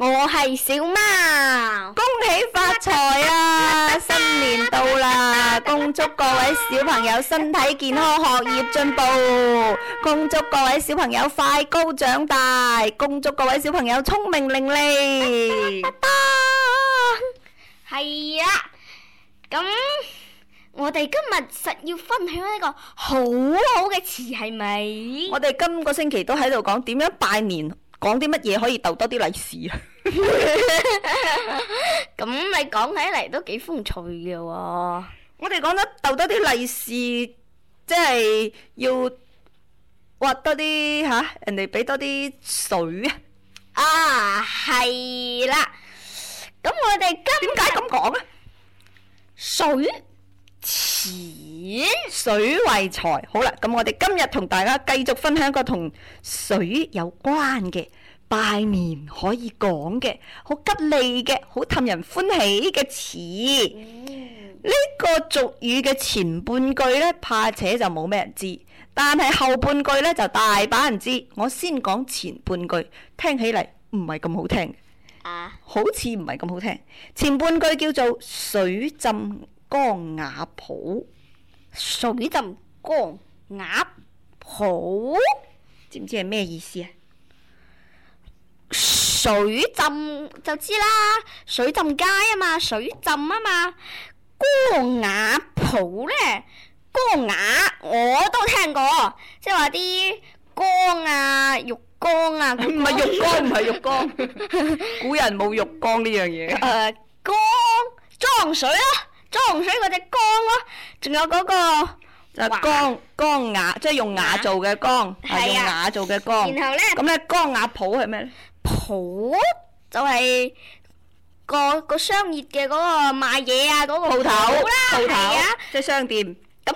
我係小貓，恭喜發財啊！ 新年到啦，恭祝各位小朋友身體健康，學業進步， 恭祝各位小朋友快高長大， 恭祝各位小朋友聰明伶俐。得，係啊，咁、嗯啊嗯、我哋今日實要分享一個好好嘅詞，係咪？我哋今個星期都喺度講點樣拜年。講啲乜嘢可以逗多啲利是啊！咁你講起嚟都幾風趣嘅喎。我哋講得逗多啲利是，即係要挖多啲吓，人哋俾多啲水啊！啊，係啦。咁我哋今點解咁講啊？水。詞恥水為財，好啦，咁我哋今日同大家繼續分享一個同水有關嘅拜年可以講嘅好吉利嘅好氹人歡喜嘅詞。呢、嗯、個俗語嘅前半句呢，怕且就冇咩人知，但係後半句呢，就大把人知。我先講前半句，聽起嚟唔係咁好聽，啊、好似唔係咁好聽。前半句叫做水浸，缸瓦舖，水浸缸瓦舖，知唔知係咩意思啊？水浸就知啦，水浸街啊嘛，水浸啊嘛。缸瓦舖咧，缸瓦我都聽過，即係話啲缸啊，浴缸啊。唔係 浴缸，唔係浴缸。 古人冇浴缸呢樣嘢。誒、呃，缸裝水啦，啊。裝水嗰隻缸咯，仲有嗰個就係缸缸瓦，即係用瓦做嘅缸，係用瓦做嘅缸。然後咧，咁咧缸瓦鋪係咩咧？鋪就係個個商業嘅嗰個賣嘢啊，嗰個鋪頭鋪頭啊，即係商店。咁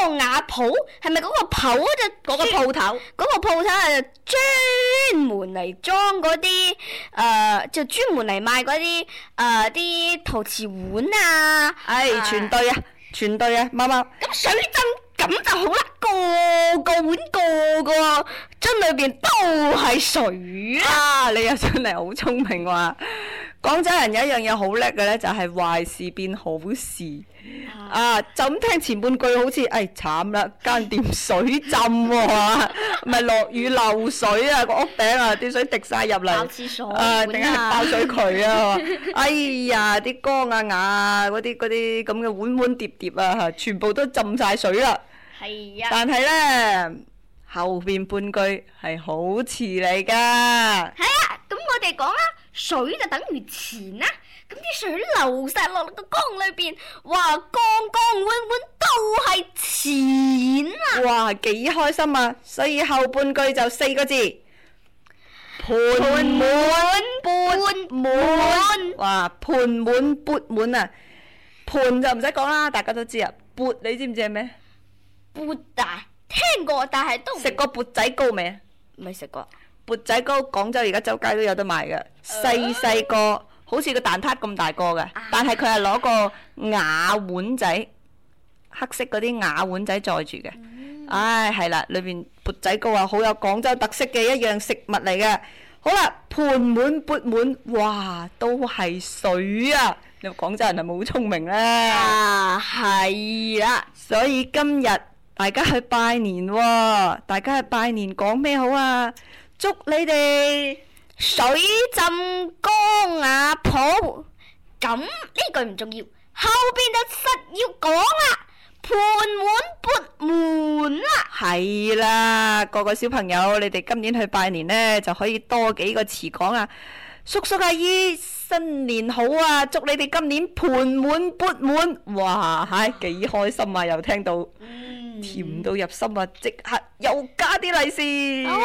缸瓦鋪係咪嗰個鋪就嗰個鋪頭？嗰個鋪頭係最。專門嚟裝嗰啲誒，就專門嚟賣嗰啲誒啲陶瓷碗啊！哎，全對啊，全對啊，貓貓。咁水樽咁就好啦，個個碗個個、啊，樽裏邊都係水啊！你又真係好聰明喎、啊。廣州人有一樣嘢好叻嘅呢，就係、是、壞事變好事。啊，就咁聽前半句好似誒、哎、慘啦，間掂水浸喎、啊，唔係落雨漏水啊，個屋頂啊，啲水滴晒入嚟，廁所啊，突然間爆水渠啊， 啊哎呀，啲缸啊，啊、瓦啊，嗰啲啲咁嘅碗碗碟，碟碟啊，全部都浸晒水啦。係啊。但係呢，後邊半句係好詞嚟㗎。係啊。 水就等於錢啦，咁啲水流晒落個缸裏邊，哇，缸缸碗碗都係錢啊！哇，幾開心啊！所以後半句就四個字：盤滿缽滿。哇，盤滿缽滿啊！盤就唔使講啦，大家都知啊。缽你知唔知係咩？缽啊，聽過，但係都食過缽仔糕未啊？未食過。缽仔糕，廣州而家周街都有得賣嘅，uh, 細細個好似個蛋撻咁大個嘅，uh, 但係佢係攞個瓦碗仔，黑色嗰啲瓦碗仔載住嘅。唉、uh, 哎，係啦，裏面缽仔糕啊，好有廣州特色嘅一樣食物嚟嘅。好啦，盤滿缽滿，哇，都係水啊！你廣州人係咪好聰明咧、啊？係啦、uh，所以今日大家去拜年喎，大家去拜年講、哦、咩好啊？祝你哋水浸江啊！抱咁呢句唔重要，後邊就實要講、啊啊、啦，盤滿缽滿啦。係啦，個個小朋友，你哋今年去拜年呢，就可以多幾個詞講啊！叔叔阿姨新年好啊！祝你哋今年盤滿缽滿，哇！嗨、哎，幾開心啊！又聽到。甜到入心啊！即刻又加啲利、oh. 是。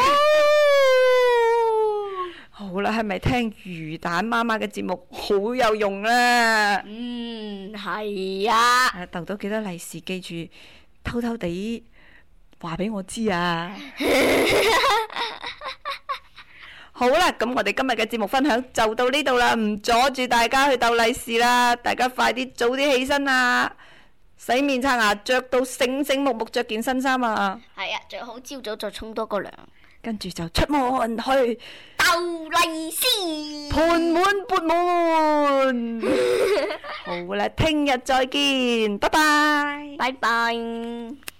好啦，係咪聽魚蛋媽媽嘅節目好有用？mm, 啊？嗯，係啊。啊，逗到幾多利是？記住偷偷地話俾我知啊！ 好啦，咁我哋今日嘅節目分享就到呢度啦，唔阻住大家去逗利是啦，大家快啲早啲起身啊！洗面刷牙，着到醒醒目目，着件新衫啊！係啊，最好朝早就沖多個涼，跟住就出門去斗利是，盆滿缽滿。 好啦，聽日再見，拜拜 bye，拜拜。